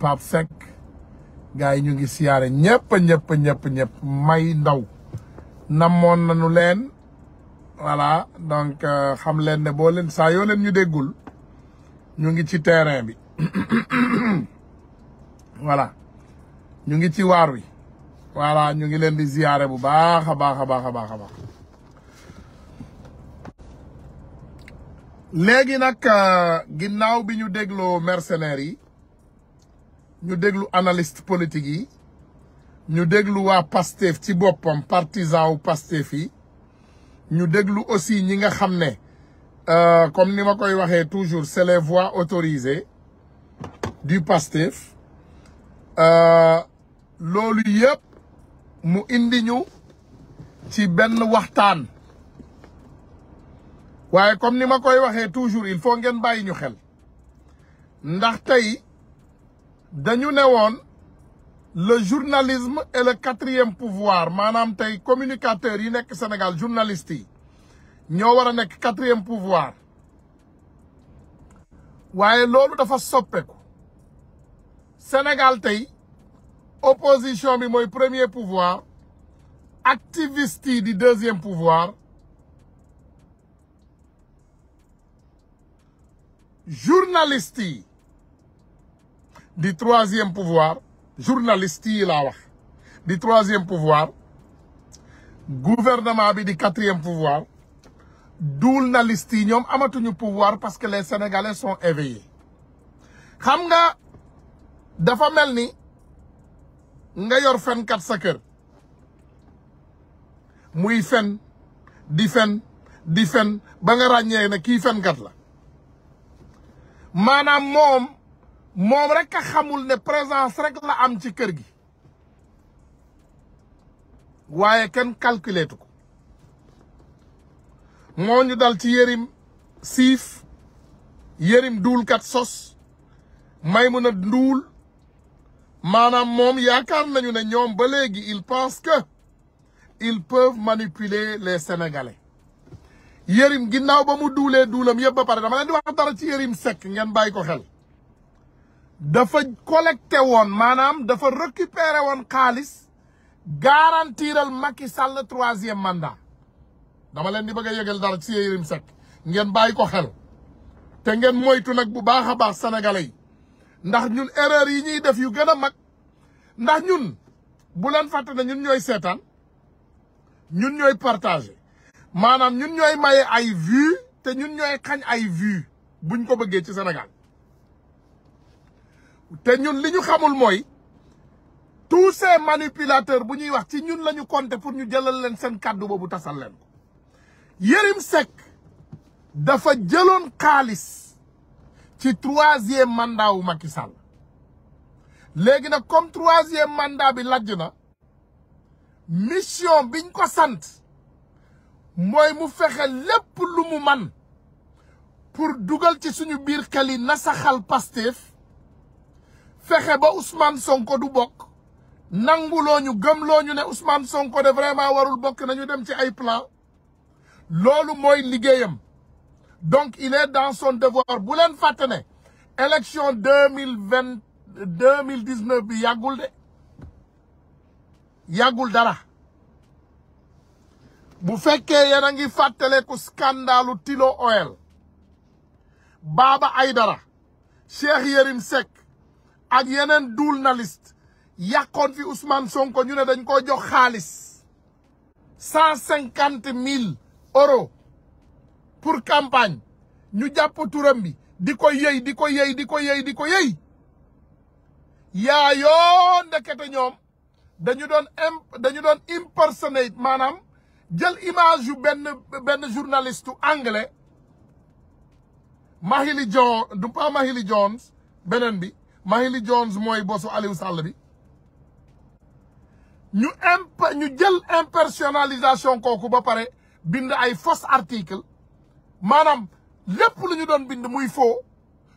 Pape Seck gars yi ñu ngi siyaare ñëpp ñëpp ñëpp ñëpp may ndaw namoon nañu leen voilà donc euh, xam leen ne boo leen saa yoo leen ñu déggul ñu ngi ci terrain bi voilà ñu ngi ci waar wi voilà ñu ngi leen di siyaare bu baax a baax a baax a baax a baax léegi nag euh, ginnaaw bi ñu dégloo mercenaires yi ñu déglu analyste politique yi ñu déglu waa Pastef ci boppam partisan wu Pastef yi ñu déglu aussi ñi nga xam ne euh, comme nous ma koy waxee toujours c'est les voix autorisées du Pastef euh, Lolu yep mu indi ñu ci benn waxtaan waaye comme ni ma koy waxee toujours il faut ngeen bàyyi ñu xel ndax tey dañu ne woon le journalisme est le quatrième pouvoir maanaam tey communicateurs yi nekk Sénégal journalistes yi ñoo war a nekk quatrième pouvoir waaye loolu dafa soppeeku Sénégal tey opposition bi mooy premier pouvoir activistes yi di deuxième pouvoir journalistes yi di troisième pouvoir journaliste yi la wax di troisième pouvoir gouvernement bi di quatrième pouvoir journaliste yi ñoom amatuñu pouvoir parce que les sénégalais son éveillés xam nga dafa mel ni nga yor fenkat sa kër muy fen di fen di fen ba nga ràññee ne kii fenkat la maanaam moom mom rek a xamul ne présence rek la am ci kër gi waye ken calculeetu ko moo ñu dal ci sif yérim yërim duulkat sos Maymuna nduul manam mom yaakar nañu ne ñom ba légui ils pensent que ils peuvent manipuler les sénégalais yérim ginnaw ba mu doulé doulam yëpp ba paré dama leen di wax dara ci yérim sekk ngeen bay ko xel dafa collecté won manam dafa récupéré woon kalis, garantiral Macky Sall 3e mandat dama len di bëgg a yëgal dara ci yërim sék ngeen bàyyi ko xel té ngeen moytu nak bu baaxa baax sénégalais ndax ñun erreur yi ñi def yu gëna a mag ndax ñun bu len faté ne ñun ñoy seetaan ñun ñoy partager manam ñun ñoy maye ay vue té ñun ñoy xagn ay vue buñ ko bëggé ci Sénégal te ñun li ñu xamul mooy tous ces manipulateurs bu ñuy wax ci ñun lañu ñu pour ñu jëlal leen seen kàddu boobu tasal leen ko Yérim Seck dafa jëloon xaalis ci troisième mandat wu Macky Sall léegi nag comme troisième mandat bi lajj na mission biñ ko sant mooy mu fexe lépp lu mu man pour dugal ci suñu biir xel yi nasaxal Pastef fexe ba Ousmane Sonko du bok nanguloo ñu gëmloo ñu ne Ousmane Sonko de vraiment warul na nañu dem ci ay plan lolu moy ligéyam donc il est dans son devoir bu fatene. élection 2020 2019 bi yagul dara bu féké Tilo Oil Baba Aydara Cheikh Yerim Sek. ak yeneen journaliste yàqoon fi Ousmane Sonko ñu ne dañ ko jox xaalis cent cinquante mille euros pour campagne ñu jàpp turam bi di ko yëy di ko yëy di ko yëy di ko yëy yaayoo ndekete ñoom dañu doon dañu doon impersonate maanaam jël image yu benn benn journaliste anglais Mahili Jones du pas Mahili Jones beneen bi Mahily Jones mooy bosu Aliou Sall bi ñu imp ñu jël impersonnalisation kooku ba pare bind ay faux article maanaam lépp lu ñu doon bind muy faux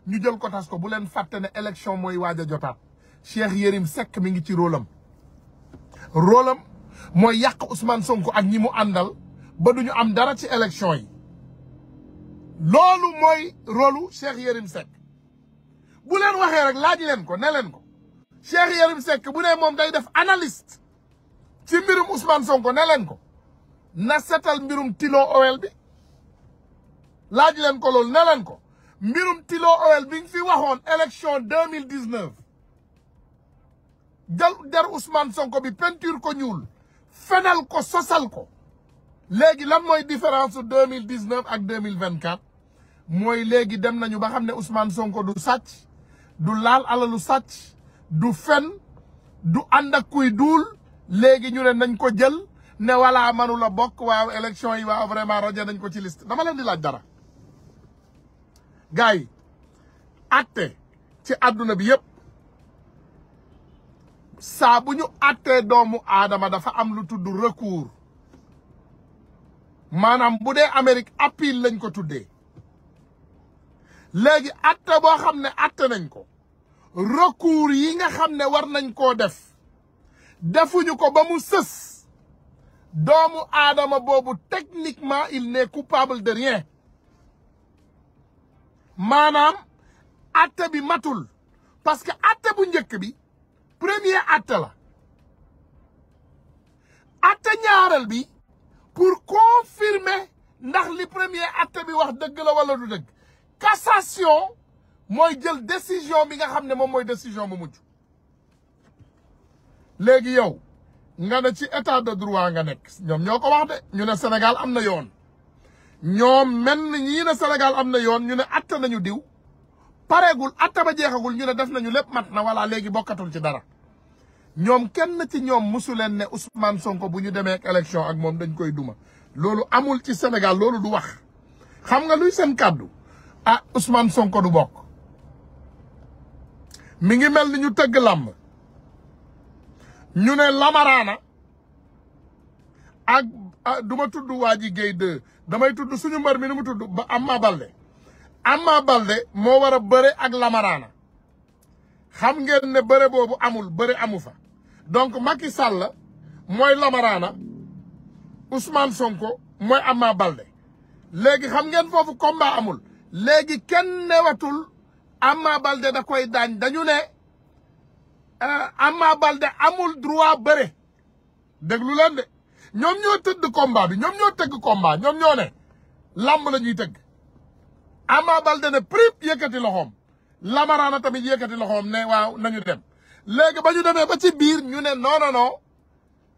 ñu jël ko tas ko bu leen fàtte ne élection mooy waaja a jotaat Cheikh Yérim Seck mi ngi ci rôlam rolam mooy yàq Ousmane Sonko ak ñi mu àndal ba duñu am dara ci élection yi loolu mooy rôlu Cheikh Yérim Seck bu leen waxee rek laaj leen ko ne leen ko Cheikh Yérim Seck bu ne moom day def analyste si mbirum Ousmane Sonko ne leen ko na setal mbirum Tilo Owel bi laaj leen ko lool ne ko mbirum Tilo Owel bi fi waxoon élection deux mille dix neuf jël der Sonko bi peinture ko ñuul fenal ko sosal ko léegi lan mooy différence deux mille dix neuf ak deux mille vingt quatre mooy léegi dem nañu ba xam ne Ousmane Sonko du sàcc. du laal alalu sàcc du fenn du ànd ak kuy duul léegi ñu ne nañ ko jël ne wala mënu la bokk waaw élection yi waaw vraiment rajo nañ ko ci liste dama leen di laaj dara gars yi atte ci àdduna bi yëpp saa bu ñu attee doomu aadama dafa am lu tudd recours maanaam bu dee Amérique appel lañ ko tuddee lagi atta bo xam ne nañ ko recours yi nga xam ne war nañ ko def defuñu ko ba mu seuss doomu adama bobu techniquement il n'est coupable de rien manam atta bi matul parce que atta bu bi premier atta la atta ñaaral bi pour confirmer ndax li premier atta bi wax deug la wala du deug cassation mooy jël décision bi nga xam ne moom mooy décision mu mujj léegi yow nga ne ci état de droit nga nekk ñoom ñoo ko wax de ñu ne senegal am na yoon ñoom mel ni ñii ne Sénégal am na yoon ñu ne atta nañu diw pareegul atta ba jeexagul ñu ne def nañu lépp mat na wala léegi bokkatul ci dara ñoom kenn ci ñoom musu leen ne Ousmane Sonko bu ñu demee ak ak moom dañ koy duma loolu amul ci Sénégal loolu du wax xam nga luy seen kàddu ah Ousmane Sonko du bokk mi ngi mel ni ñu tëgg làmb ñu ne lamaraana a ah, duma ma tudd waa ji Guèye damay tudd suñu mbër mi ni mu tudd ba Amma Balde Amma Balde moo wara a bëre ak lamaraana xam ngeen ne bëre boobu amul bëre amu fa donc Macky Sall mooy lamaraana Ousmane Sonko mooy Amma Balde léegi xam ngeen foofu komba amul léegi kenn newatul Ama Balde da koy daañ dañu ne eh, Ama Balde amul droit bëre déglu leen de ñoom ñoo tëdd komba bi ñoom ñoo tëgg combat ñoom ñoo ne lamb la ñuy tëgg Ama Balde ne prip yëkkati loxoom lamaraana tamit yëkkati loxoom ne waaw nañu dem léegi ba ñu demee ba ci biir ñu ne non non non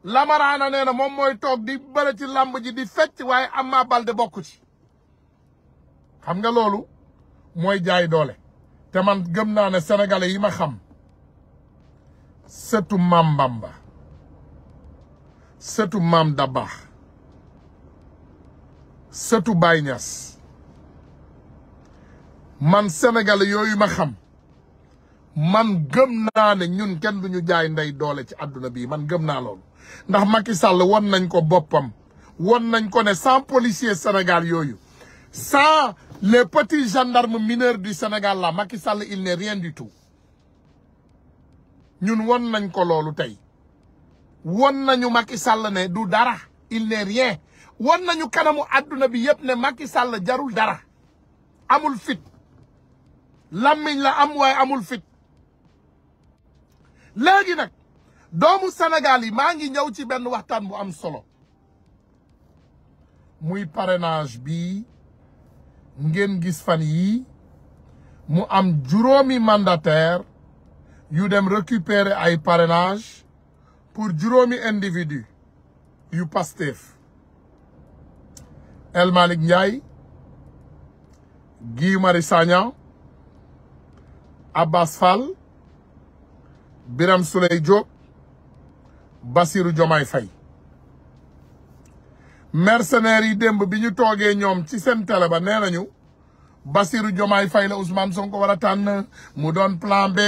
lamaraana nee na moom mooy toog di bëre ci lamb ji di fecc waaye Ama Balde bokku ci xam nga loolu mooy jaay doole te man gëm naa ne sénégalais yi ma xam sëtu maam Bamba sëtu maam Dabaax sëtu Baay Ñas man sénégalais yooyu ma xam man gëm naa ne ñun kenn ñu jaay ndey doole ci àdduna bii man gëm naa loolu ndax makki sàll won nañ ko boppam woon nañ ko ne sans policier Sénégal yooyu sans le petits gendarme mineurs du Sénégal la Macky Sall il n'est rien du tout ñun won nañ ko loolu tey won nañu makki Sall ne du dara il n'est rien won nañu kanamu àdduna bi yëpp ne makki Sall jarul dara amul fitt làmmiñ la am waaye amul fit léegi nag doomu Sénégal yi maa ngi ñëw ci benn waxtaan bu am solo muy parenage bi nous avons fan yi mu am juróomi mandataire yu dem récupérer ay parrainage pour juromi individu yu El malik Guy Marissagna, Abbas Fall Biram mercenaires yi démb bi ñu toogee ñoom ci seen télé ba nee nañu Bassirou Diomaye Faye la Ousmane Sonko war a tànn mu doon plan B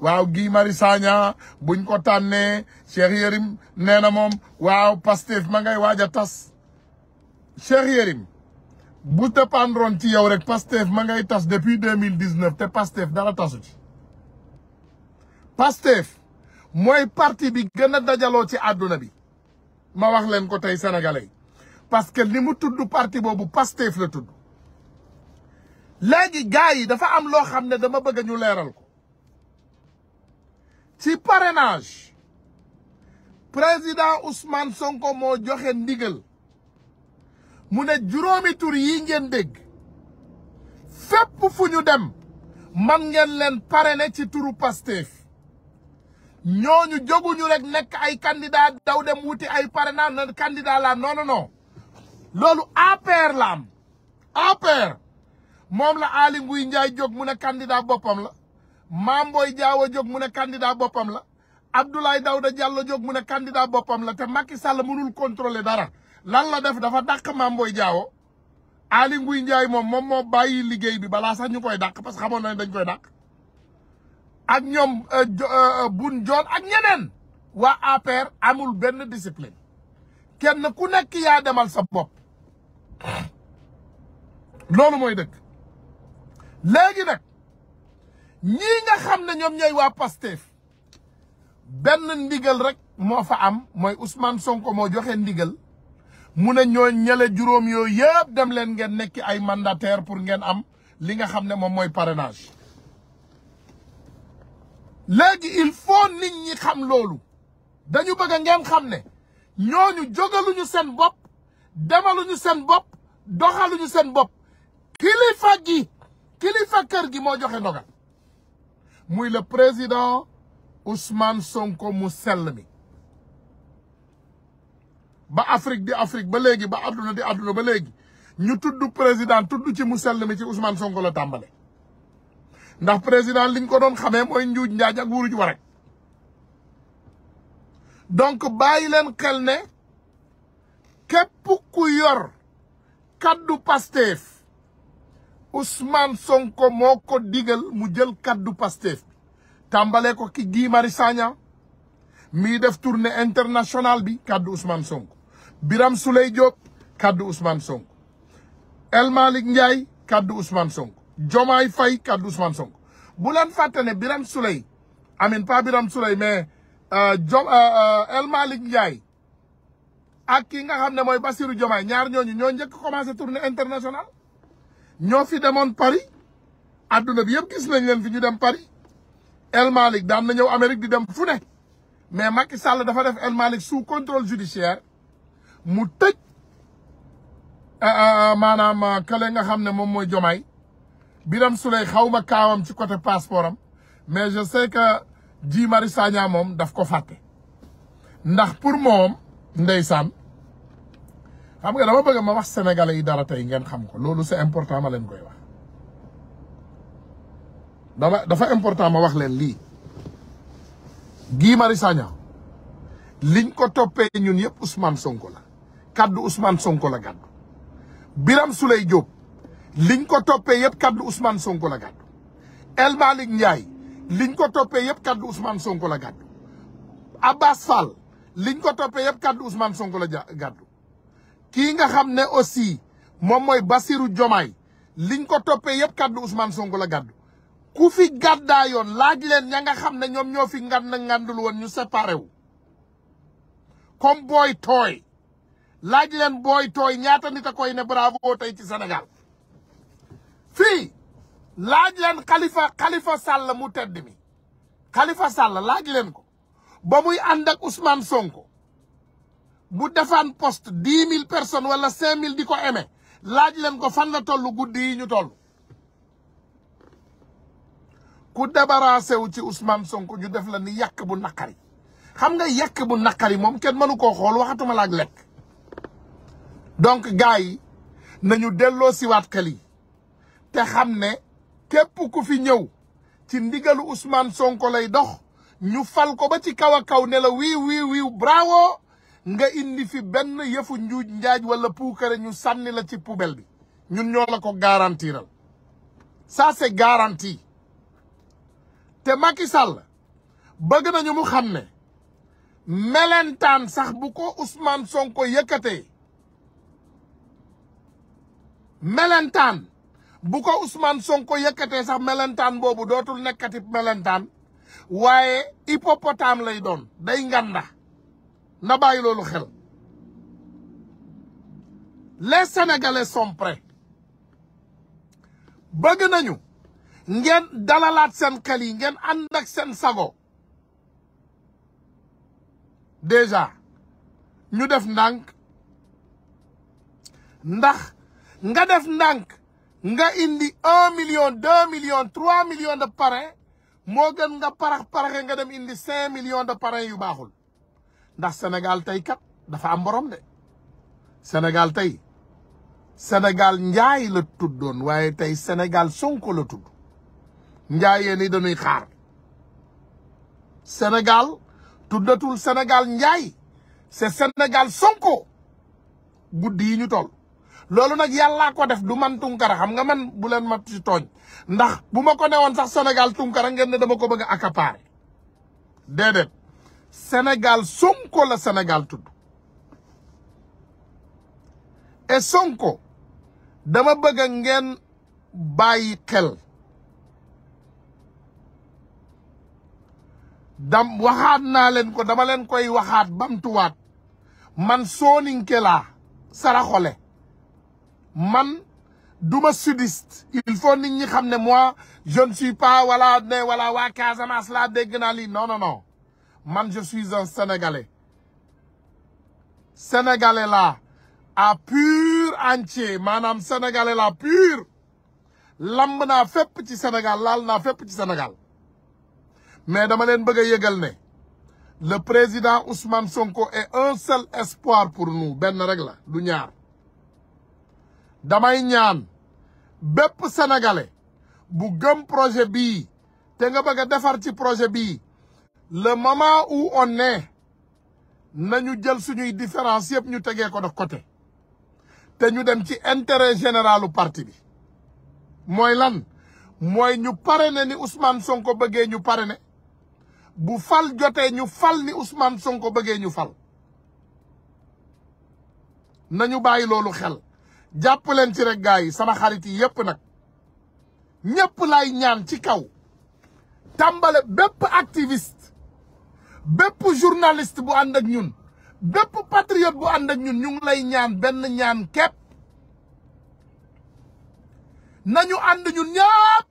waaw Guy Marius Sagna buñ ko tànnee Cheikh Yérim nee na moom waaw Pastef ma ngay waaj a tas Cheikh Yérim bu dépendroon ci yow rek Pastef ma ngay tas depuis deux mille dix neuf te Pastef dara tasu ci Pastef mooy parti bi gën a dajaloo ci àdduna bi ma wax leen ko tey sénégalais parce que li mu tudd parti boobu Pastef la tudd léegi gars yi dafa am loo xam ne dama bëgg ñu leeral ko ci parrainage président Ousmane Sonko moo joxe ndigal mu ne juróomi tur yi ngeen dégg fépp fu ñu dem man ngeen leen parrainer ci turu Pastef ñooñu jóguñu rek nekk ay candidat daw dem wuti ay parrainage na candidat la non non Lalu apa lam am mom la aling nguy ndjay jog mu ne candidat bopam la Mame Boye jog muna mu ne candidat bopam la Abdoulaye dawda Diallo jog mu ne candidat bopam la te Macky Sall mënul contrôler dara lan la def dafa dak Mame Boye Diao Aly Ngouille Ndiaye mom moom moo bàyyi liggéey bi bala sax ñukoy dak parce que dañ koy dak ak ñom euh, jor euh, euh, ak ñeneen amul ben discipline kenn ku nek ya demal sa bop loolu mooy dëgg léegi nag ñii nga xam ne ñoom ñooy waa Pastef benn ndigal rek moo fa am mooy Ousmane Sonko moo joxe ndigal mu ne ñoo ñele juróom yooyu yëpp dem leen ngeen nekki ay mandataire pour ngeen am li nga xam ne moom mooy parrainage léegi il faut nit ñi xam loolu dañu bëgg ngeen xam ne ñooñu jógaluñu seen bopp demaluñu seen bopp doxaluñu seen bopp kilifa gi kilifa keur gi mo joxe ndogal muy le président Ousmane Sonko mu selmi ba Afrique di Afrique ba legui ba aduna di aduna ba legui ñu tuddu président tuddu ci mu selmi ci Ousmane Sonko la tambalé ndax président liñ ko doon xamé moy njuuj njaaj ak wuru ci rek donc bayi len xel ne ku yor kaddu Pastef Usman Sonko moko digel digal mu jël kaddu Pastef tambalé ko ki Guy Marissagna mi def tournée international bi kaddu Usman Sonko Biram Souley Diop kaddu Ousmane Sonko El Malik Ndiaye kaddu Ousmane Sonko Jomay Faye kaddu Ousmane Sonko bu len Biram Souley amin pas Biram Souley mais euh, euh, euh El Malik Ndiaye ak ki nga xamné moy Bassirou Jomay ñaar ñoñu ñoñu jëk commencé tournée international ñoo fi demoon Paris adduna bi yëpp gis nañ leen fi ñu dem Paris El Malick daan na ñëw Amérique di dem fu ne mais Macky Sall dafa def El Malick sous contrôle judiciaire mu tëj euh, euh, maanaam euh, kële nga xam ne moom mooy Jomaay Biram Souley xaw ma kaawam ci côté passeport am mais je sais que Guy Marius moom daf ko fàtte ndax pour moom ndeysaan xam nga dama bëgg ma wax sénégalais yi dara tay ngeen xam ko loolu c'est important ma leen koy wax dama dafa important ma wax leen li Guy mari Sagna liñ ko topé ñun yépp Ousmane Sonko la kaddu Ousmane Sonko la gaddu Biram Souley Diop liñ ko topé yépp kaddu Ousmane Sonko la gaddu El malik Ndiaye liñ ko topé yépp kaddu Ousmane Sonko la gaddu Abbas Fall liñ ko topé yépp kaddu Ousmane Sonko la gaddu kii nga xam ne aussi moom mooy basiru Diomaye liñ ko toppee yëpp kaddu Ousmane Sonko la gàddu ku fi gàddaa laaj leen ña nga xam ne ñoom ñoo fi ngand ngandul woon ñu séparé wu comme booy tooy laaj leen booy tooy ñaata nit a koy ne bravo tey ci senegal fi laaj leen kalifa Khalifa Sall mu tedd mi kalifa sàll laaj leen ko ba muy ànd ak Ousmane Sonko bu defane poste 10000 personnes wala 5000 diko di ko aimé laaj len ko fan la tollu goudi ñu toll ku débarrassé wu ci Ousmane Sonko ñu def la ni yak bu nakari xam nga yak bu nakari mom kenn manu ko xol waxatuma la lek donc gaay yi nañu dello ci wat kali te xamné képp ku fi ñew ci ndigalu Ousmane Sonko lay dox ñu fal ko ba ci kawa kaw ne la wi wi wi bravo nga indi fi ben yefu njuj njaaj wala poukere ñu sanni la ci poubelle bi ñun ñoo la ko garantiral ça c'est garanti te Macky Sall bëgg nañu mu xamné melentane sax bu ko Ousmane Sonko yëkëté melentane bu ko Ousmane Sonko yëkëté sax melentane bobu dootul nekkati melentane waaye hippopotame lay doon day ngandax na bàyyi loolu xel les sénégalais sont prêts bëgg nañu ngeen dalalaat seen xel yi ngeen ànd ak seen sago déjà ñu def ndànk ndax nga def ndànk nga indi un million deux million trois million de parrain moo gën nga parax paraxe nga dem indi cinq millions de parrain yu baaxul ndax Sénégal tey kat dafa am borom de Sénégal tey Sénégal njaay la tuddoon waaye tey Sénégal Sonko la tudd njaayee ni dañuy xaar Sénégal tuddatul Sénégal njaay c'est Sénégal Sonko guddi yi ñu toll loolu nag yàllaa ko def du man tunkara xam nga man bu leen ma ci tooñ ndax bu ma ko newoon sax Sénégal tunkara ngeen ne dama ko bëgg a accaparer déedéet Sénégal Sonko la Sénégal tudd et Sonko dama bëgg ngeen bàyyi xel dam waxaat naa leen ko dama leen koy waxaat bamtuwaat man sooninke laa saraxole man duma sudiste il faut nit xam ne moi jeune ne suis pas wala ne wala waa Casamance laa dégg naa lii non man je suis un sénégalais sénégalais laa à pur entier maanaam sénégalais laa pur lamb naa fépp ci Sénégal lal naa fépp ci senegal mais dama leen bëgg a yëgal ne le président Ousmane Sonko est un seul espoir pour nous benn rek la du ñaar damay ñaan bépp sénégalais bu gëm projet bi te nga bëgg a defar ci projet bii le moment où on est nañu jël suñuy différence yëpp ñu tegee ko de côté te ñu dem ci intérêt généralu parti bi mooy lan mooy ñu parrainé ni Ousmane Sonko bëggee ñu parrainé bu fal jotee ñu fal ni Ousmane Sonko bëggee ñu fal nañu bàyyi loolu xel jàpp leen ci rek gars yi sama xarit yi yëpp nag ñëpp lay ñaan ci kaw tàmbale bépp activiste bépp journaliste bu and ak ñun bépp patriote bu and ak ñun ñu lay ñaan ben ñaan kep nañu and ñun ñëpp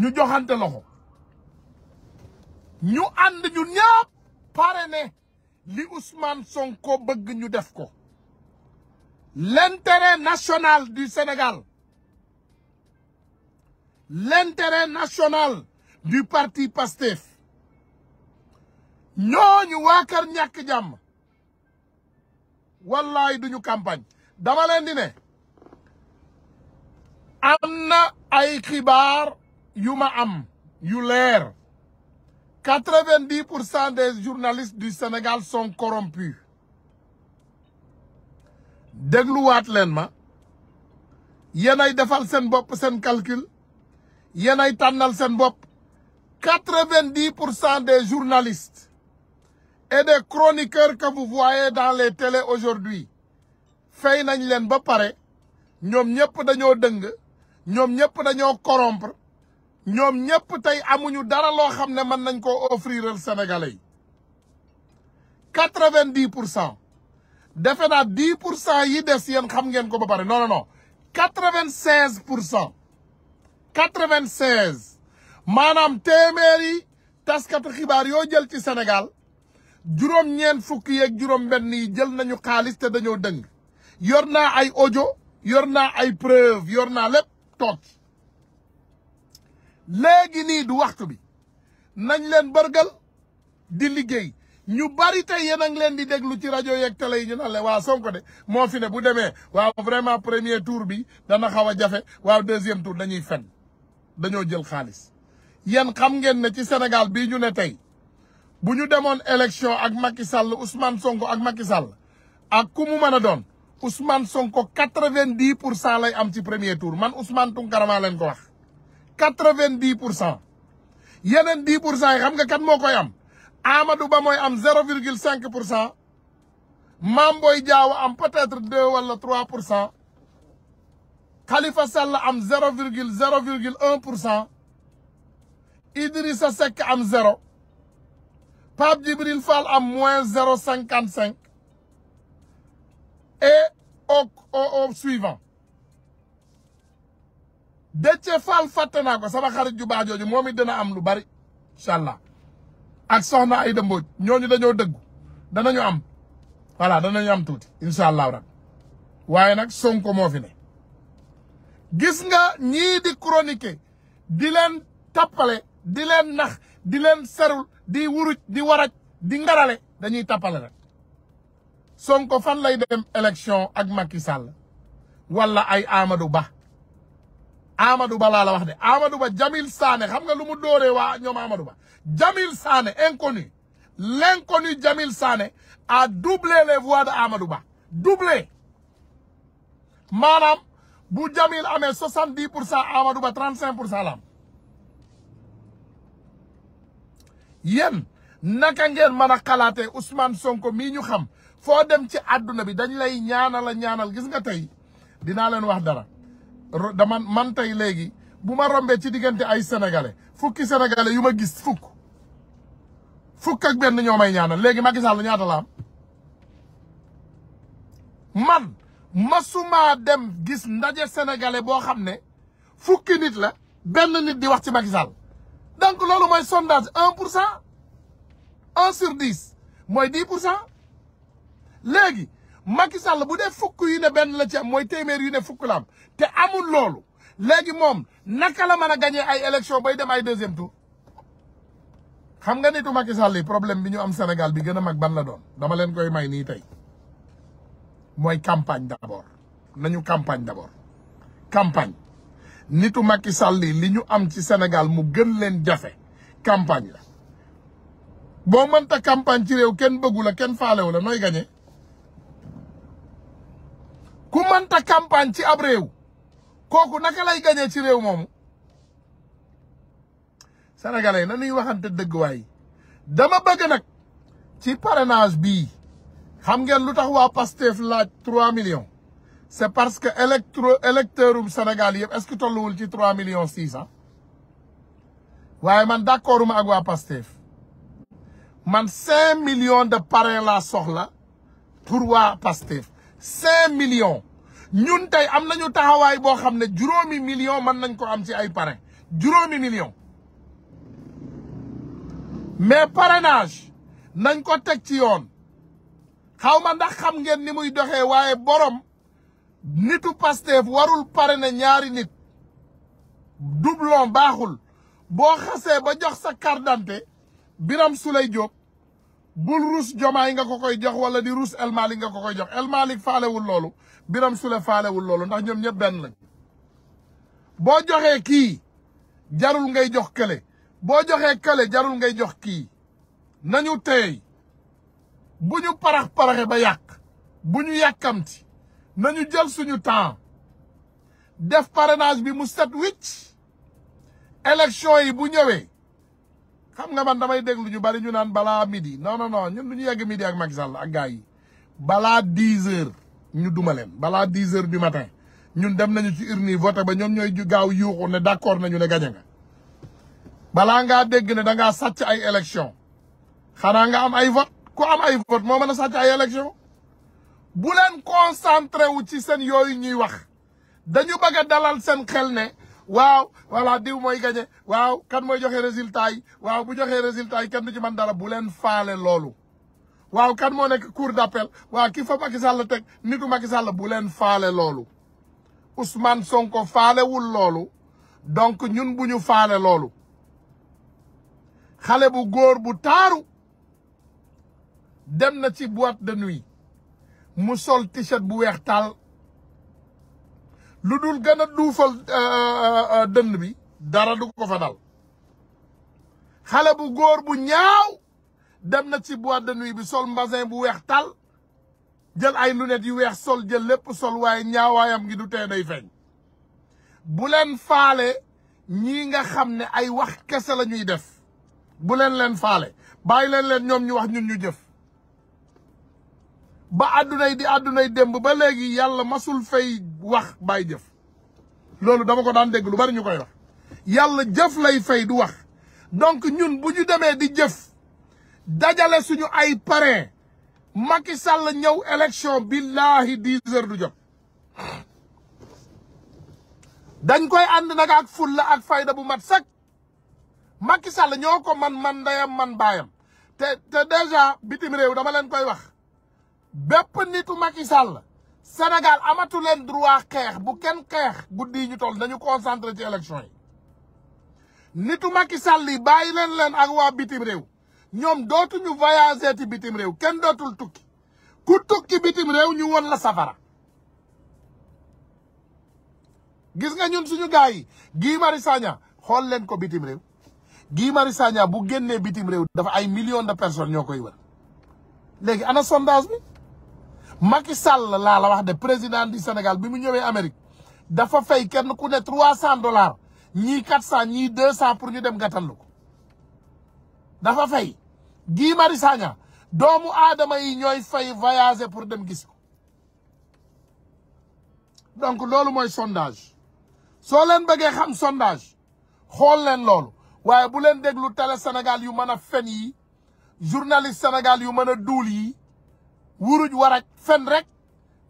ñu joxante loxo ñu and ñun li Ousmane Sonko bëgg ñu def ko l'intérêt national du Sénégal l'intérêt national du parti PASTEF ñooñu waakar kër ñàkk jàmm wallaay duñu campagne dama leen di ne am na ay xibaar yu ma am yu leer 90% des journalistes du Sénégal sont corrompus wat len ma Yenay defal sen bop sen calcul Yenay tanal sen bop. 90% des journalistes et des chroniqueurs que vous voyez dans les télés aujourd'hui fay nañ leen ba pare ñoom ñëpp dañoo dëng ñoom ñëpp dañoo corrompre ñoom ñëpp tey amuñu dara loo xam ne mën nañ offriral sénégalais quatre-vingt-dix pour cent defe dix pour cent yi des yéen xam ngeen ko ba non non non quatre-vingt-seize pour cent quatre-vingt-seize maanaam téeméeri taskatu jël ci Sénégal juróom-ñeent fukki yeeg juróom-benn yi jël nañu xaalis te dañoo dëng yor naa ay ojo yor naa ay preuve yor naa lépp toog léegi nii du waxtu bi nañ leen bërgal di liggéey ñu bari tey yéen leen di déglu ci rajo yeeg télé yi ñu naan la waa Sonko de moo fi ne bu demee waa vraiment premier tour bi dana xaw a jafe waaw deuxième tour dañuy fen dañoo jël xaalis yéen xam ngeen ne ci senegal bii ñu ne tey buñu demone élection ak Macky Sall Ousmane Sonko ak Macky Sall ak mëna don Ousmane Sonko 90% lay am ci premier tour man Ousmane Tunkara ma len ko wax 90% yenen 10% yi xam nga kan mokoy am Amadou ba moy am 0,5% Mamboy Diaw am peut-être 2 wala 3% Khalifa Sall am 0,0,1% Idrissa Seck am 0 Pape Djibril Fall à moins 0,55. Et au, au, au suivant. Déthié Fall Fatena, naa ko sama xarit ju baax jooju moom am lu bari incha allah ak soxna Aïda Mbodj ñooñu dañoo dëggu danañu am voilà danañu am tout. incha allah rab waaye nag Sonko moo fi ne gis nga ñii di chroniquer di leen Dylan di Dylan nax di leen serul di wuruj di waraj di ngarale dañuy tappale rek Sonko fan lay dem election ak Macky Sall wala ay Amadou Ba Amadou Ba la wax de Amadou Ba Jamil Sané xam nga lumu doore wa ñom Amadou Ba Jamil Sané inconnu l'inconnu Jamil Sané a doublé les voix de Amadou Ba doublé manam bu Jamil amé 70% Amadou Ba 35% lam yéen naka ngeen mën a xalaatee Ousmane Sonko mii ñu xam foo dem ci àdduna bi dañ lay ñaanal a ñaanal gis nga tey dinaa leen wax dara dama man tey léegi bu ma rombee ci diggante ay sénégalais fukki sénégalais yu ma gis fukk fukk ak benn ñoo may ñaanal léegi ma Sall ñaata la man man masumaa dem gis ndaje sénégalais boo xam ne fukki nit la benn nit di wax ci Macky Sall donc loolu mooy sondage un pour cent un sur mooy dix pour cent léegi Macky Sall bu dee fukk yu ne benn la ci am mooy téeméer yu ne fukk la am te amul loolu léegi moom naka la mën a gañe ay élection bay dem ay deuxième tour xam nga nitu Macky Sall yi problème bi ñu am Sénégal bi gën a mag ban la doon dama leen koy may nii tey mooy campagne d'abord ñu campagne d'abord campagne nitu Macky Sall sàlli li ñu am ci senegal mu gën leen jafe campagne la boo mënta campagne ci réew kenn bëggu la kenn faalewu la nooy gañe ku mënta campagne ci ab réew kooku naka lay gañee ci réew moomu sénégalais na nuy waxante dëgg waay dama bëgg nag ci parenage bii xam ngeen lu tax waa Pastef laaj trois millions C'est parce que l'électeur um sénégalais est ce que tu as 3 millions 6 ans man d'accord Pastef 5 millions de parrain là soxla pour pas Pastef 5 millions Nous, avons am nañu parrains boo xam nous avons million millions ko am ci ay parrain mais parrainage ko ci ma xam ngeen nitu Pastef warul pare na ñaari nit doublon baaxul boo xasee ba jox sa carte Biram Souleye Diop bul ruus jomaay nga ko koy jox wala di ruus El Malick nga ko koy jox El Malick faalewul loolu Biram Souleye faalewul loolu ndax ñoom ñëpp benn lañ boo joxee kii jarul ngay jox kële boo joxee kële jarul ngay jox kii nañu tey bu ñu parax-paraxe ba yàq bu ñu yàkkamti nañu jël suñu temps def parrainage bi mu set wicc élection yi bu ñëwee xam nga man damay déglu ñu bari ñu naan balaa midi non non non ñun du ñu yegg midi ak Macky Sall ak gars yi balaa dix heures ñu duma leen balaa dix heures du matin ñun dem nañu ci urne yi voté ba ñoom ñooy gaaw yuuxu ne d'accord nañu ne gañe balaa ngaa dégg ne dangaa sàcc ay élection xanaa nga am ay vote ku am ay vote moo mën a sàcc ay élection bu len concentré wu ci sen yoy ñuy wax dañu bëgg dalal sen xel ne waaw wala diw moy gagné waaw kan moy joxe résultat yi waaw bu joxee résultat yi kenn du ci man dara bu len faalé lolu waaw kan mo nek cour d'appel waaw ki fa Macky Sall tek nitu Macky Sall bu len faalé lolu Ousmane Sonko wul lolu donc ñun bu ñu faale loolu bu góor bu taru dem na ci boîte de nuit mu sol t-shirt bu wex tal ludul gëna gën a duufal euh, euh, euh, dënd bi dara du ko fa dal xale bu goor bu ñaaw dem na ci boîte de nuit bi sol mbazin bu wex tal jël ay lunettes yu wex sol jël lepp sol waaye ñaawaayam gi du té day feeñ bu len faalé ñi nga xamné ay wax kessa lañuy def bu len len faalé bay len len ñom ñu wax ñun ñu jëf ba yi di àddunay démb ba léegi yàlla masul fay wax bàyyi jëf loolu dama ko daan dégg lu bari ñu koy wax yàlla jëf lay fay du wax donc ñun bu ñu demee di jëf dajale suñu ay parrain Macky Sall ñëw élection billahi dix heures du jot dañ koy ànd nag ak fulla ak fayda bu mat sax Macky Sall ñoo ko man man ndeyam man baayam te te déjà bitim réew dama leen koy wax bépp nitu Macky Sall Sénégal amatu leen droit xeex bu kenn xeex guddi ñu toll nañu concentré ci élection yi nitu Macky Sall yi bàyyi leen leen ak waa bitim réew ñoom dootuñu voyager ci bitim réew kenn dootul tukki ku tukki bitim réew ñu won la safara gis nga ñun suñu gars yi gii mari Sagna xool leen ko bitim réew Guy Marius Sagna bu génnee bitim réew dafa ay millions de personnes ñoo koy wër léegi ana sondage bi Macky Sall la la wax de président du Sénégal bi mu Amérique dafa fay kenn ku né 300 dollars ñi 400 ñi 200 pour ñu dem gatanlu dafa fay gi Marius Sagna doomu adama yi ñoy fay voyager pour dem gis ko donc lolu moy sondage so leen bëggé xam sondage xol leen lolu waye bu leen déglu télé Sénégal yu mëna fen yi journaliste Sénégal yu mëna doul yi wuruj waraj fen rek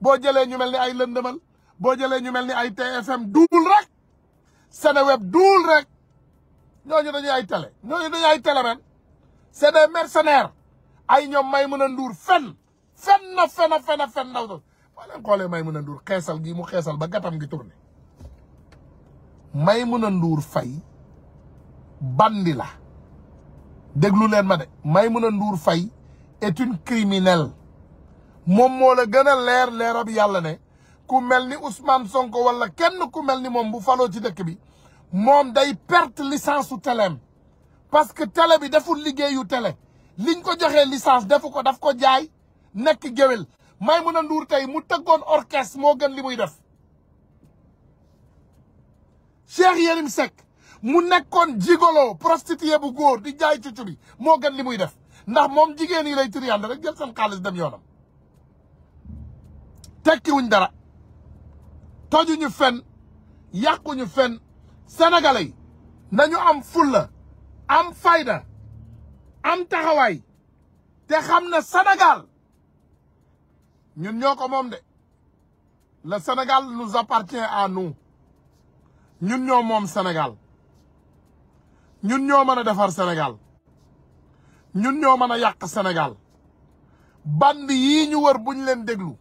boo jëlee ñu mel ni ay lëndëmal boo jëlee ñu mel ni ay TFM duul rek Seneweb duul rek ñooñu dañuy ay télé ñooñu dañuy ay télé ren c'est des ay ñoom Maimouna Ndour fen fen na fen na fen na fen na boo leen xoolee a Ndour xeesal gi mu xeesal ba gatam gi tourné Maimouna nduur Faye bandila la déglu leen ma de Maimouna a nduur est une criminelle moom moo la gën a leer leero bi yàlla ne ku mel ni Ousmane Sonko wala kenn ku mel ni moom bu faloo ci dëkk bi moom day perte licence su teleem parce que télé bi deful liggéeyu tele liñ ko joxee licence defu ko daf ko jaay nekk géwél may mun a nduur tey mu tëggoon orchestre moo gën li muy def Cheikh Yérim Seck mu nekkoon jigolo prostitué bu góor di jaay cucu bi moo gën li muy def ndax moom jigéen yi lay triyande rek jël seen xaalis dem yoonam tekkiwuñ dara tojuñu fen yàquñu fen sénégalais nañu am fulla am fayda am taxawaay te xam ne Sénégal ñun ñoo ko moom de la Sénégal nous appartient à nous ñun ñoo moom Sénégal ñun ñoo mën a defar Sénégal ñun ñoo mën a yàq Sénégal band yii ñu wër buñ leen déglu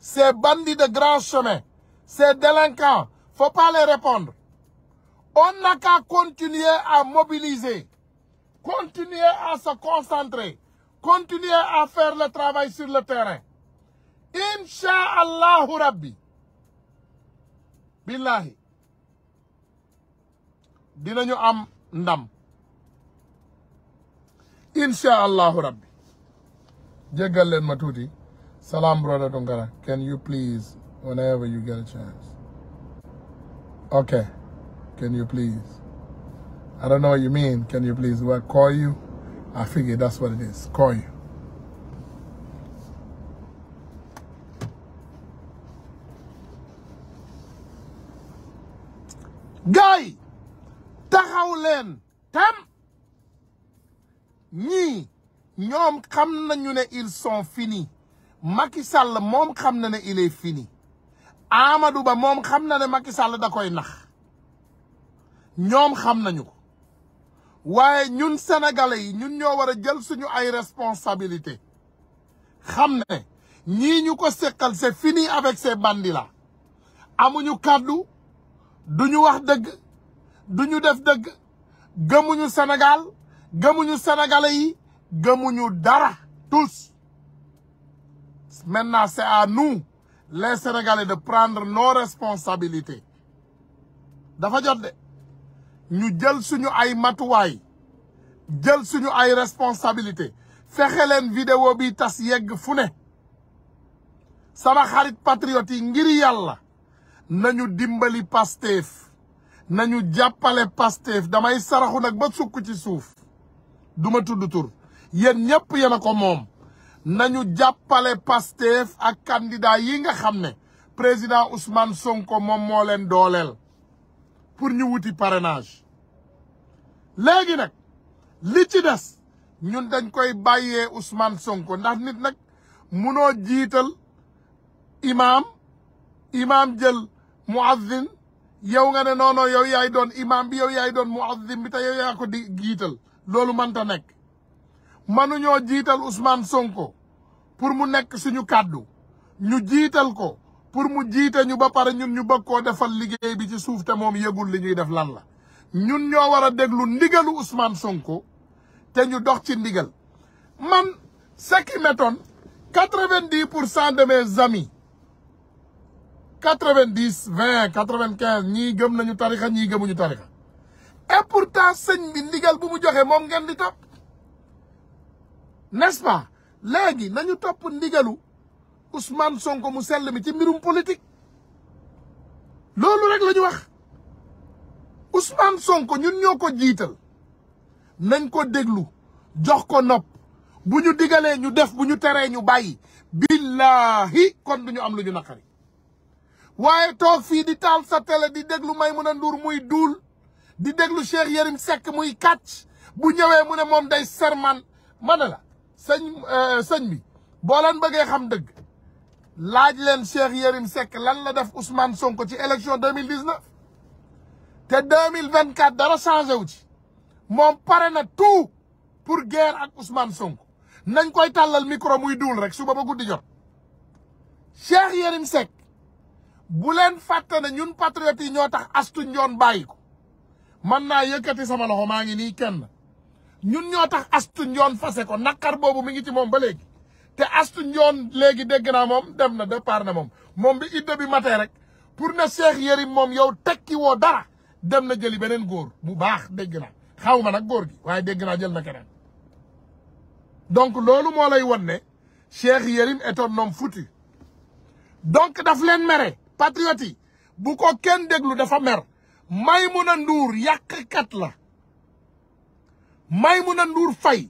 ces bandits de grand chemin, ces délinquants, faut pas les répondre. On n'a qu'à continuer à mobiliser, continuer à se concentrer, continuer à faire le travail sur le terrain. Inch'Allah Rabbi. Billahi. dinañu am ndam Insha Hurabi. rabbi Salam, Brother Dungara. Can you please, whenever you get a chance? Okay. Can you please? I don't know what you mean. Can you please? Well, call you? I figure that's what it is. Call you. Guy, taxaw tam ñii ñoom xam nañu ils sont finis Macky Sall moom xam na ne il est fini Amadou Ba moom xam na ne Macky Sall da koy nax ñoom xam nañu ko waaye ñun sénégalais yi ñun ñoo war a jël suñu ay responsabilité xam ne ñii ñu ko séqal c'est fini avec ces bandits là amuñu kàddu duñu wax dëgg duñu def dëgg gëmuñu Sénégal gëmuñu sénégalais yi gëmuñu dara tous Maintenant, c'est à nous, les Sénégalais, de prendre nos responsabilités. nous nous de ñu Nous suñu ay matuwaay nous suñu ay responsabilité vidéo bi Nous yegg fune. sama xarit patriote ngir dimbali Pastef nañu jappalé Pastef damay saraxu nak ba ci souf duma tuddu tour nañu jàppale Pastef ak candidat yi nga xam ne président Ousmane Sonko moom moo leen dooleel pour ñu wuti parenage léegi nag li ci des ñun dañ koy bàyyee Ousmane Sonko ndax nit nag munoo jiital imaam imaam jël muazzin yow nga ne noono yow yaay doon imaam bi yow yaay doon muazzin bi te yow yaa ko di jiital loolu mënta nekk mënuñoo jiital Ousmane Sonko pour mu nekk suñu kàddu ñu jiital ko pour mu jiite ñu ba pare ñun ñu bëgg koo defal liggéey bi ci suuf te moom yëgul li ñuy def lan la ñun ñoo war a déglu ndigalu Ousmane Sonko te ñu dox ci ndigal man ce qui m'étonne quatre-vingt-dix pour cent de mes amis quatre-vingt-dix vingt quatre-vingt-quinze ñii gëm nañu tarixa ñii gëmuñu tarixa et pourtant sëñ bi ndigal bu mu joxe moom ngeen di topp n'est-ce pas pun nañu usman songko Ousmane Sonko mu sel mi ci mirum politique loolu rek lañu wax Ousmane Sonko ñun ñoko ko nañ ko déglu jox ko nopp buñu digalé ñu def buñu téré ñu bayyi billahi kon duñu am lu nakari waye tok fi di tal sa télé di déglu Maimouna Ndour muy dul di déglu Cheikh Yérim sek muy katch bu ñëwé mu ne day serman sëñ euh, sëñ bi boo leen bëggee xam dëgg laaj leen Cheikh Yérim Seck lan la def Ousmane Sonko ci élection deux mille dix neuf te deux mille vingt quatre dara changé wu ci moom pare na tout pour guerre ak Ousmane Sonko nañ koy tàllal micro muy duul rek suba ba guddi jot Cheikh Yérim Seck bu leen fàtte ne ñun patriotes yi ñoo tax astu njoon bàyyi ko man naa yëkkati sama loxo maa ngi nii kenn. ñun ñoo tax astu njoon fase ko naqar boobu mu ngi ci moom ba léegi te astu njoon léegi dégg naa moom dem na départ na moom moom bi idda bi matee rek pour na Cheikh Yérim moom yow tekki woo dara dem na jëli beneen góor bu baax dégg na xaw ma nag góor gi waaye dégg naa jël na keneen donc loolu moo lay won ne Cheikh Yérim est noom homme donc daf leen mere patriote bu ko kenn déglu dafa mer Maïmouna Ndour yàqkat la may Maimouna Ndour fay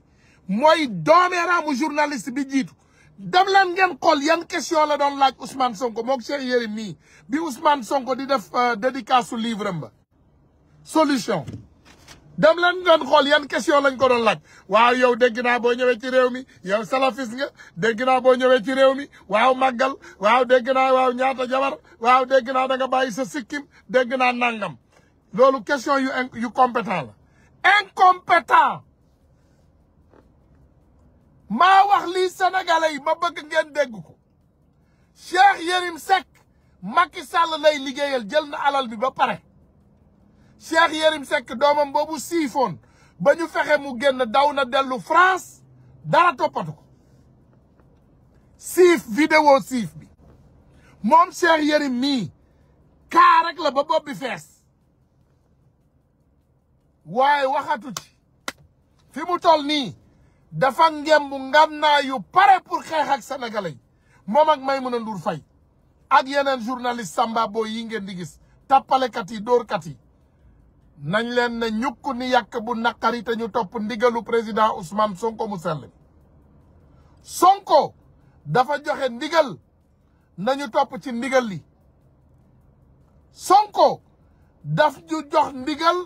mooy doomeeraamu journaliste bi jiitu dem leen ngeen xool yan question la doon laaj Ousmane Sonko moog Cheikh Yérim mii bi Ousmane Sonko di def euh, dédicace su livre am ba solution dem leen ngeen xool yan question lañ ko doon laaj waaw yow dégg naa boo ñëwee ci réew mi yow salafiste nga dégg boo ñëwee ci réew mi waaw màggal waaw dégg waaw ñaata jabar waaw dégg naa da bàyyi sa sikkim dégg naa nangam loolu question yu yu compétent la incompétent maa wax lii sénégalais yi ma bëgg ngeen dégg ko Cheikh Yérim Seck Macky Sall lay liggéeyal jël na alal bi ba pare Cheikh Yérim Seck doomam boobu siifoon ba ñu fexe mu génn daw na dellu France dara toppatu ko siif vidéo siif bi moom Cheikh Yérim mii kaa rek la ba bopp bi fees waye waxatu ci fi mu toll ni dafa ngamna yu paré pour xex ak sénégalais mom ak Maimouna Ndour fay ak yenen journaliste samba boy yi ngeen di gis kat yi kat yi nañ leen na ñukk ni yak bu nakari te ñu top ndigalu président Ousmane Sonko mu Sonko dafa joxe ndigal nañu top ci ndigal li Sonko daf ju jox ndigal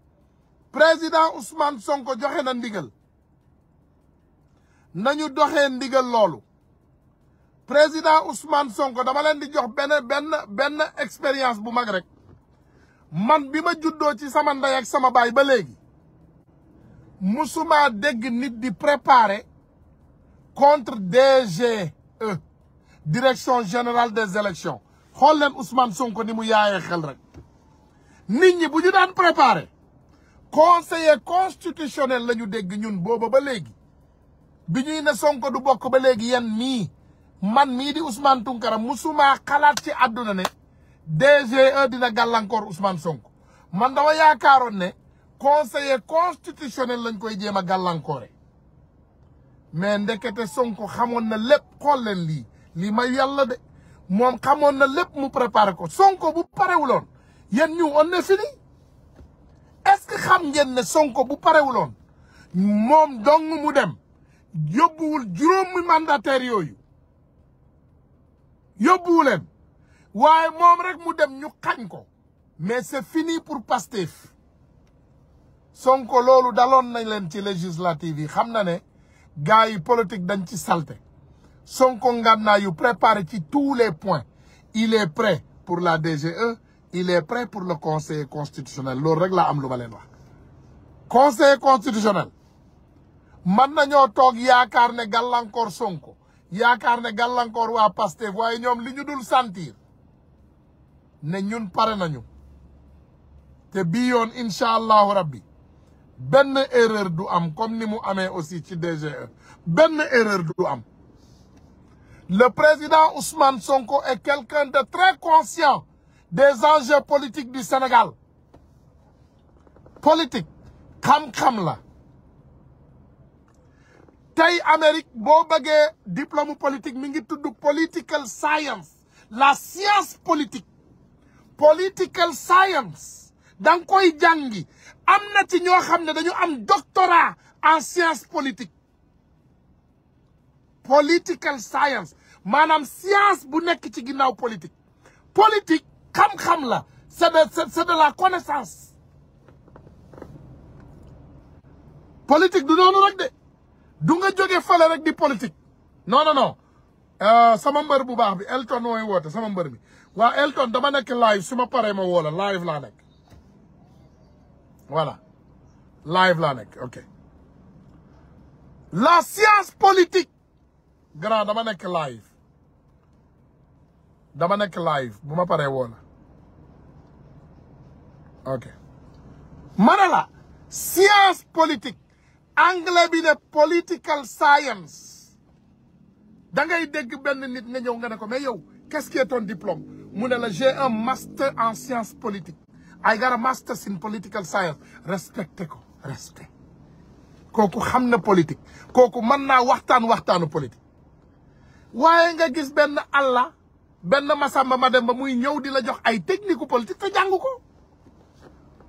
président Ousmane Sonko joxe na ndigal nañu doxee ndigal loolu président Ousmane Sonko dama leen di jox benn benn benn expérience bu mag rek man bi ma juddoo ci sama ndey sama baay ba léegi musuma dégg nit di préparer contre DGE direction général des élections xool leen Ousmane Sonko ni mu yaayee xel rek nit ñi bu ñu daan préparer conseiller constitutionnel la ñu dégg ñun booba ba léegi bi ñuy ne Sonko du bokk ba léegi yan nii man mii di Ousmane Tounkara musuma xalaat ci àdduna ne DGE dina gàllankoor Ousmane Sonko man dama yaakaaroon ne conseiller constitutionnel lañ koy jéem a gàllankoore mais ndekete Sonko xamoon na lépp xool lii lii may yàlla de moom xamoon na lépp mu préparé ko Sonko bu parewuloon yéen ñu on est fini est-ce que xam ne Sonko bu parewuloon mom dong mu dem yóbbuwul juróomi mandataire yooyu yóbbuwu leen waaye moom rek mu dem ñu xagn ko mais c'est fini pour Pastef Sonko lolu dalon nañ len ci législative yi xam na ne gars politique dañ ci salté Sonko yu préparé ci tous les points il est prêt pour la DGE il est prêt pour le conseil constitutionnel Le règle laa am lu ma wax conseil constitutionnel mën nañoo toog yaakaar ne gàllankoor Sonko yaakaar ne gàllankoor waa Pastef waaye ñoom li ñu dul sentir ne ñun pare nañu te bii yoon incha allahu rabbi benn erreur du am comme ni mu amee aussi ci DGE Ben erreur du am le président Ousmane Sonko est quelqu'un de très conscient des enjeux politiques du Sénégal politique xam-xam la tey Amérique boo bëggee diplôme politique mi ngi tudd political science la science politique political science da nga koy jàngi am na ci ñoo xam ne dañu am doctorat en science politique political science maanaam science bu nekk ci ginnaaw politique politique la c'est de de la connaissance politique nous rek de du nga ne rek di politique non non non euh, Elton mooy woote bi Elton dama live su ma ma live là voilà live là ok la science politique grand live dama suis live Je ma ok Manala, science politique anglais bi ne political science Dangai ngay gue benn nit nga ñëw nga ne ko mais yow qu'est-ce qui est ton diplôme j'ai un master en science politique I got a master in political science respecte ko respect Koku xam politique kooku mën naa waxtaan waxtaanu politique waaye nga gis benn Allah benn Masamba Mademba muy nyau di la jox ay technique politique te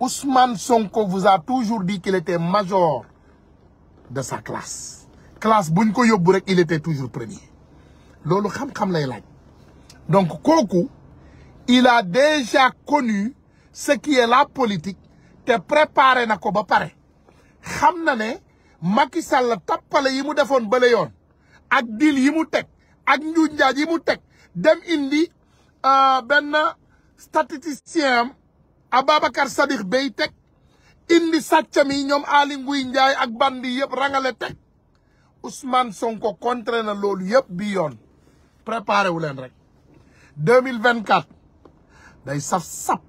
Ousmane Sonko vous a toujours dit qu'il était major de sa classe classe buñ ko il était toujours premier C'est xam-xam lay laaj donc Koko, il a déjà connu ce qui est la politique te préparé na ko ba pare xam na ne Macky Sall tappale yi mu defoon bale yoon ak dil yi mu ak njuuj njaaj yi mu dem indi ben statisticien Ababakar Sadiq Bey teg indi sàccam yi ñoom Aly Ndiaye ak bandi yeb rangale tek Ousmane Sonko contre na loolu yeb bi yoon préparé wu len rek 2024 day saf sap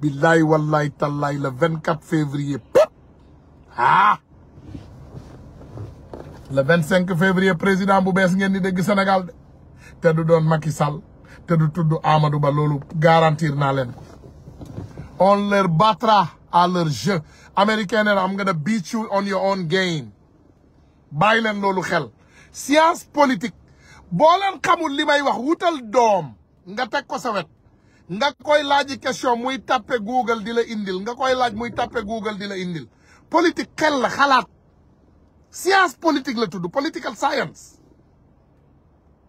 billahi wallahi tallahi le 24 février Ha. ah le 25 février président bu bes ngeen di dégg Sénégal de du doon Macky Sall té du tuddu Amadou Ba garantir na len ko On leur battra à leur jeu. Américain, I'm going to beat you on your own game. bàyyi leen loolu xel. science politique. boo leen xamul li may wax wutal doom. nga teg ko sa wet. nga koy laaji question muy tàppe Google di la indil nga koy laaj muy tàppe Google di la indil. politique xel la xalaat. science politique la tudd political science.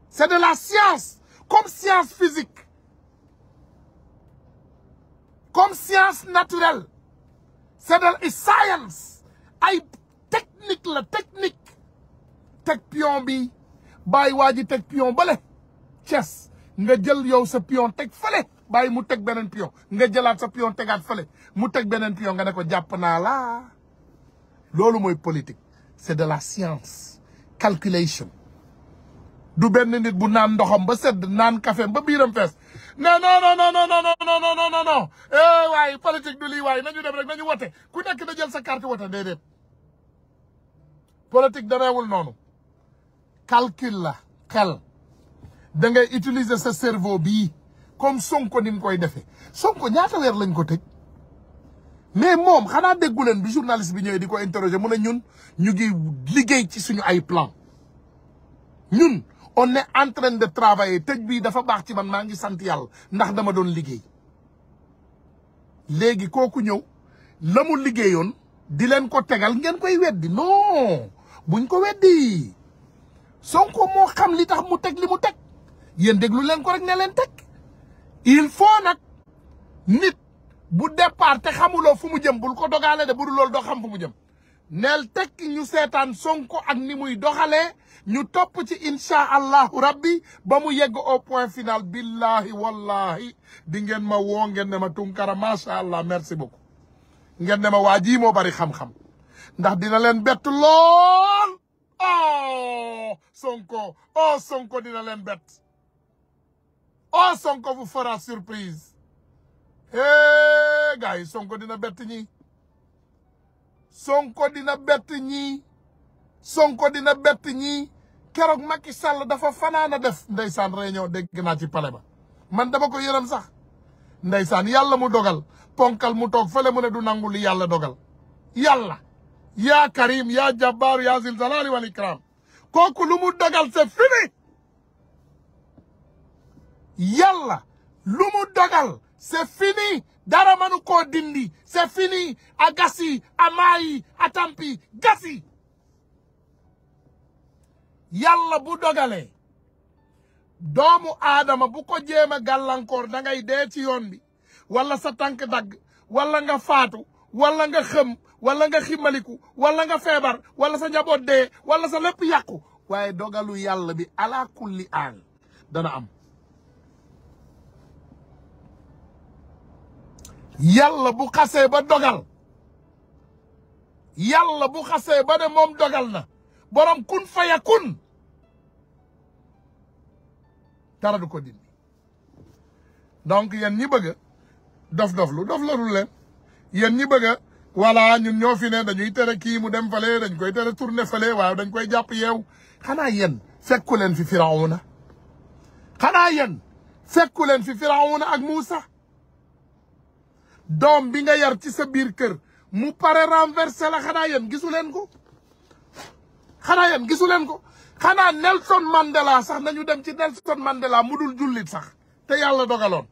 c'est de la science comme science physique. comme science naturelle de la science ay technique la technique Tek pion bi bay wadi tek pion balé, chess. nga jël yow sa pion tek fële bay mu tek benen pion nga jëlaat sa pion tegaat fële mu tek benen pion nga ne ko jàpp naa laa loolu politique c'est de la science calculation du ben nit bu nan ndoxam ba sedd nan kafem ba biram fees ne non non non non non non non non non non eh waay politique du lii waay nañu dem rek nañu wote ku nekk na jël sa carte wote déedéet politique demeewul noonu calcul la xel da ngay utiliser sa cerveau bii comme Sonko ni mu koy defee Sonko ñaata weer lañ ko tëj mais moom xanaa déggu leen bi journaliste bi ñëwee di ko interroger mu ne ñun ñu ngi liggéey ci suñu ay plan ñun on ne en train de travailler tëj bii dafa baax ci man maa ngi sant yàlla ndax dama doon liggéey léegi kooku ñëw la mu liggéeyoon di leen ko tegal ngeen koy weddi non buñ ko weddi Sonko moo xam li tax mu teg li mu teg yéen déglu leen ko rek ne leen teg il faut nag nit bu départ te xamuloo fu mu jëm bul ko dogaale de bu dul loolu doo xam fu mu jëm neel tekk ñu seetaan Sonko ak ni muy doxalee ñu topp ci incha allahu rabbi ba mu yegg au point final billahi wallahi di ngeen ma woo ngeen ne ma tunkara macha allah merci beaucoup ngeen ne ma waa jii moo bari xam-xam ndax dina leen bett lool oh Sonko oh Sonko dina leen bett oh Sonko vous fera surprise eh gars yi Sonko dina bett ñi Sonko dina bett ñii Sonko dina bett ñii keroog Macky Sall dafa fanaana a def ndeysaan réunion dégg naa ci pale ba man dama ko yërëm sax ndeysaan yàlla mu dogal ponkal mu toog fële mu ne du nangu li yàlla dogal yàlla yaa karim yaa jabbaar yaa zil wal ikram kooku lu mu dogal c'est fini yàlla lu mu dogal c'est fini dara mënu koo dindi c'est fini a atampi a gasi yàlla bu dogalee doomu aadama bu ko jéem a gàllankoor da ngay dee ci yoon bi wala sa tànk dagg walla nga faatu wala nga xëm walla nga ximaliku wala nga feebar wala sa njaboot dee wala sa lépp yàqu waaye dogalu yàlla bi ala kulli aan dana am yàlla bu xasee ba dogal yàlla bu xasee ba moom dogal na borom kun faya kun dara du ko dindi donc yéen ñi bëgg dof dof lu dof larul leen yéen ñi bëgg voilà ñun ñoo fi ne dañuy tere kii mu dem fale dañ koy tere tourner fale waaw dañ koy jàpp yeew xanaa yéen fekku leen fi firawuna xanaa yéen fekku leen fi firawuna ak Muusa doom bi nga yar ci sa biir kër mu pare renversé la xanaa yéen gisu leen ko xanaa yéen gisu leen ko xanaa Nelson Mandela sax nañu dem ci Nelson Mandela mu dul jullit sax te yàlla dogaloon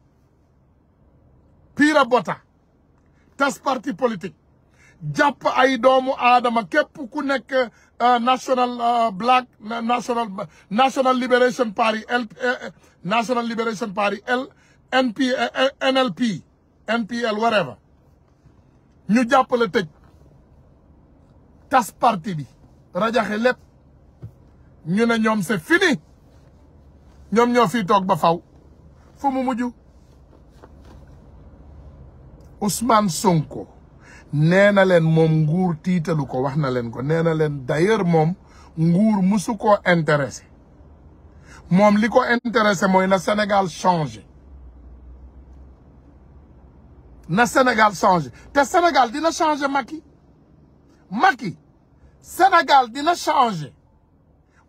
piira bota tas parti politique jàpp ay doomu aadama képp ku nekk euh, national euh, black national national liberation party l euh, national liberation party l np nlp NPL whatever ñu jàppale tëj tas parti bi rajaxe lépp ñu ne ñoom se fini ñoom ñoo fi toog ba faw fu mu mujj Ousmane Sonko nee na leen moom nguur tiitalu ko wax na leen ko nee na leen d'ailleurs moom nguur musu koo intéressé moom li ko intéressé mooy na Sénégal changé na Sénégal change. Le Sénégal dina changé Maki. Macky Sénégal dina changé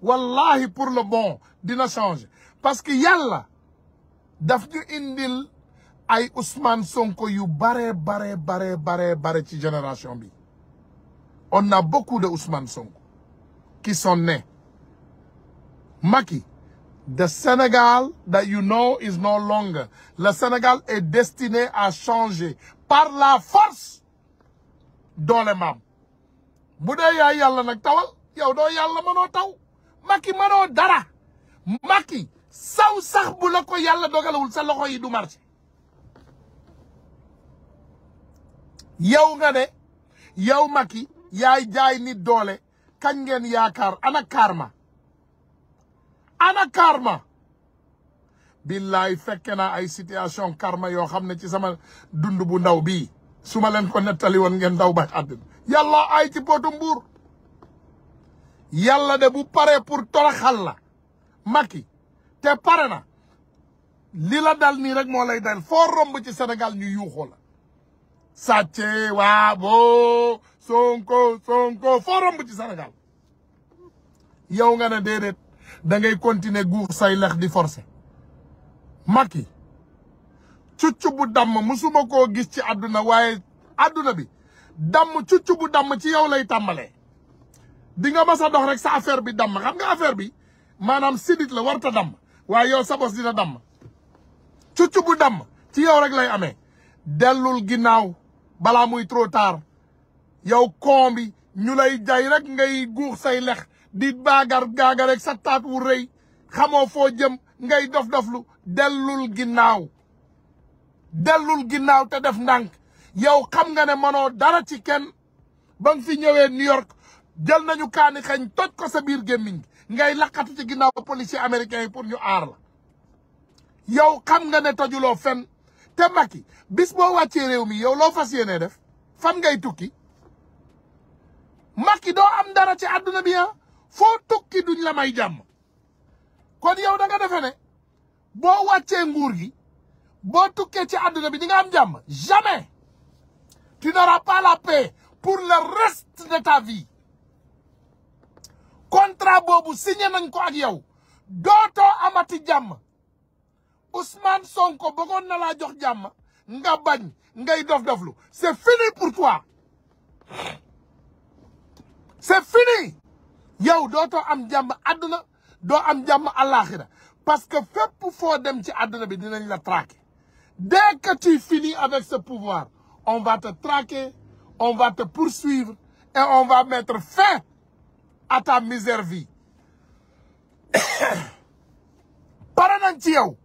wallahi pour le bon dina changé parce que Yalla, là ñu indil ay Ousmane Sonko yu baré baré baré baré bare ci génération bi on a beaucoup de Ousmane Sonko qui sont nés Maki, The Sénégal that you know is no longer. Le Sénégal est destiné à changer par la force dooleemaam bu dee yaay yàlla nag tawal yow doo yàlla mënoo taw Macky mënoo dara Macky saw sax bu la ko yàlla dogalawul sa loxo yi du marché yow nga ne yow Macky yaay jaay nit doole kañ ngeen yaakaar ana karma ana karma billahi fekkena ay situation karma yo xamne ci sama dundu bu ndaw bi suma len ko netali won ngeen ndaw ba àddina yalla ay ci pootu yalla de bu pour toraxal la maki te pare na dal ni rek mo lay dal foo romb ci senegal ñu yuuxoo la sàcce wa bo sonko sonko foo romb ci senegal yow nga na dedet da ngay continuer gour say lex di forcer maki cucc bu dam musuma ko gis ci aduna waye aduna bi dam cucc bu dam ci yow lay tambalé di nga mas a dox rek sa affaire bi dam xam nga affaire bi manam sidit la warta dam waye yow sa boss dina dam cucc bu dam ci yow rek lay amé delul ginau, bala muy trop tard yow kombi, ñulay jay rek ngay gour say lex di bagar gagar ak sa taat wu rëy xamoo foo jëm ngay dof-doflu delul ginnaw delul ginnaw te def ndank yow xam nga ne dara ci kenn fi New York jël nañu kaani xagn toj ko sa bir gémmiñ ngay laqatu ci ginnaw policier américain kamgane pour ñu ar la yow xam nga ne tojuloo fen te maki bis bo wacce rew mi yow lo fasiyene def fam ngay tukki do am dara ci aduna bi ah? Faut tukki duñ la may Quand kon yow da nga defe fenêtre, boo wàccee nguur gi boo ci aduna bi di nga am jamais tu n'auras pas la paix pour le reste de ta vie Contra Bobu signé nañ ko ak yow amati jam, Ousmane Sonko Bogon na la jox jam, nga bañ ngay dof c'est fini pour toi c'est fini yow dootoo am jamm aduna, do am jamm àllaaxira parce que pour fo dem ci aduna bi dinañ la traquer dès que tu finis avec ce pouvoir on va te traquer on va te poursuivre et on va mettre fin à ta misère vie paranañ ci yow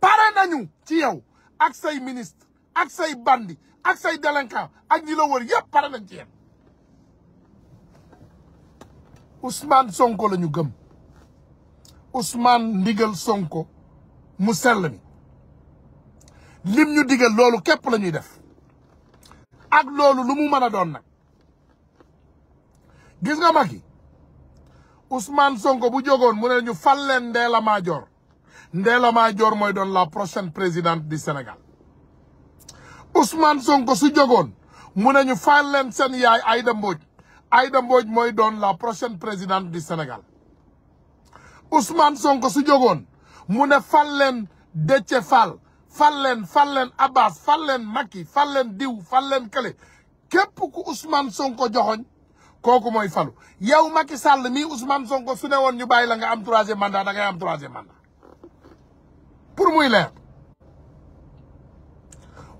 paranañu ci yow ak say ministre ak say bandi ak say délinquant ak ñi la wër yëpp paranañ ci yow Ousmane Sonko la ñu gëm Ousmane ndigal Sonko mu sell mi lim ñu digal loolu képp la ñuy def ak loolu lu mu mën a doon nag gis nga Macky Ousmane Sonko bu jógoon mu ne ñu fal leen Ndella Madior Ndella Madior mooy doon la prochaine présidente du senegal Ousmane Sonko su jogoon mu ne ñu fal leen seen yaay Aïda Mbodj ay Mbodj mooy doon la prochaine présidente di Sénégal Ousmane Sonko su jógoon mu ne fal leen Déthié Fall fal leen fal leen Abbas fal leen Macky fal leen diw fal leen Kale képp ku Ousmane Sonko joxoñ kooku mooy falu yow Macky Sall mii Ousmane Sonko su ne woon ñu bàyyi la nga am troisième mandat da am troisième mandat pour muy leer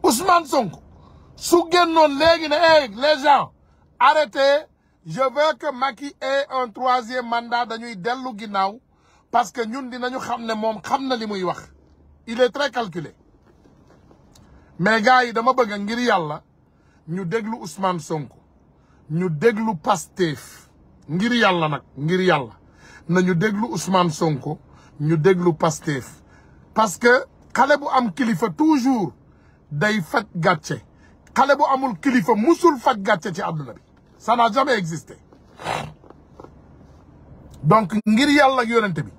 Ousmane Sonko su léegi ne eh les gens je veux que Macky ait un troisième mandat dañuy dellu ginnaaw parce que ñun dinañu nous ne moom xam li muy wax il est très calculé mais gars yi dama bëgg ngir yalla ñu déglu Ousmane Sonko ñu déglu Pastef ngir yalla nak ngir yalla nañu déglu Ousmane Sonko ñu déglu Pastef parce que xalé bu am kilifa toujours day faj gatché xalé bu amul kilifa musul faj gatché ci àdduna bi ça n'a jamais existé donc ngir yàlla ak yonente bi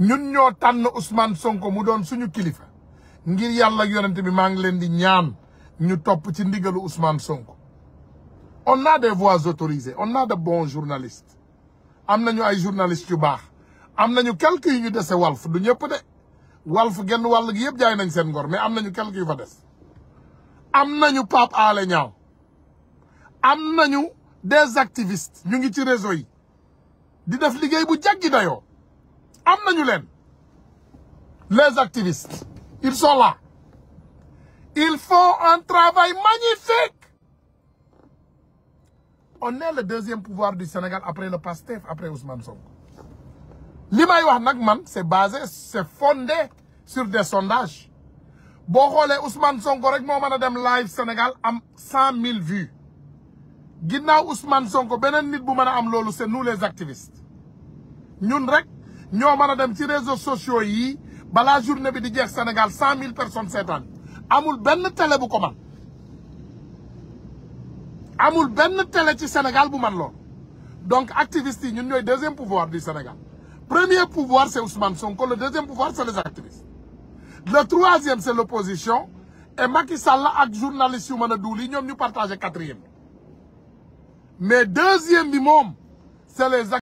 ñun ñoo tànn Ousmane Sonko mu doon suñu kilifa ngir yàlla ak bi maa ngi leen di ñaan ñu topp ci ndigalu Ousmane Sonko on a des voix autorisées on a de bon journalistes am nañu ay journalistes yu baax am nañu quelques yu ñu dese Walf du ñëpp de Walf genn wàll gi yëpp jaay nañ seen ngor mais am nañu quelques yu fa des am nañu Pape Alé Niang amnañu des activistes ñu ngi ci réseau yi di def liguey bu les activistes ils sont là ils font un travail magnifique on est le deuxième pouvoir du Sénégal après le PASTEF après Ousmane Sonko li may wax nak man c'est basé c'est fondé sur des sondages Si xolé Ousmane Sonko rek mo meuna dem live Sénégal am 100 vues Gina Ousmane Sonko benen nit bu meuna am c'est nous les activistes ñun rek ñoo meuna dem ci réseaux sociaux yi la journée bi di jeex Sénégal cent mille personnes sétane. amul benn télé bu ko man amul benn télé ci Sénégal bu man Sénégal, donc activistes ñun ñoy deuxième pouvoir du Sénégal premier pouvoir c'est Ousmane Sonko le deuxième pouvoir c'est les activistes le troisième c'est l'opposition et Macky Sall ak journalistes yu mën douli, nous partageons le ñu partager quatrième mais deuxième bi moom c'est les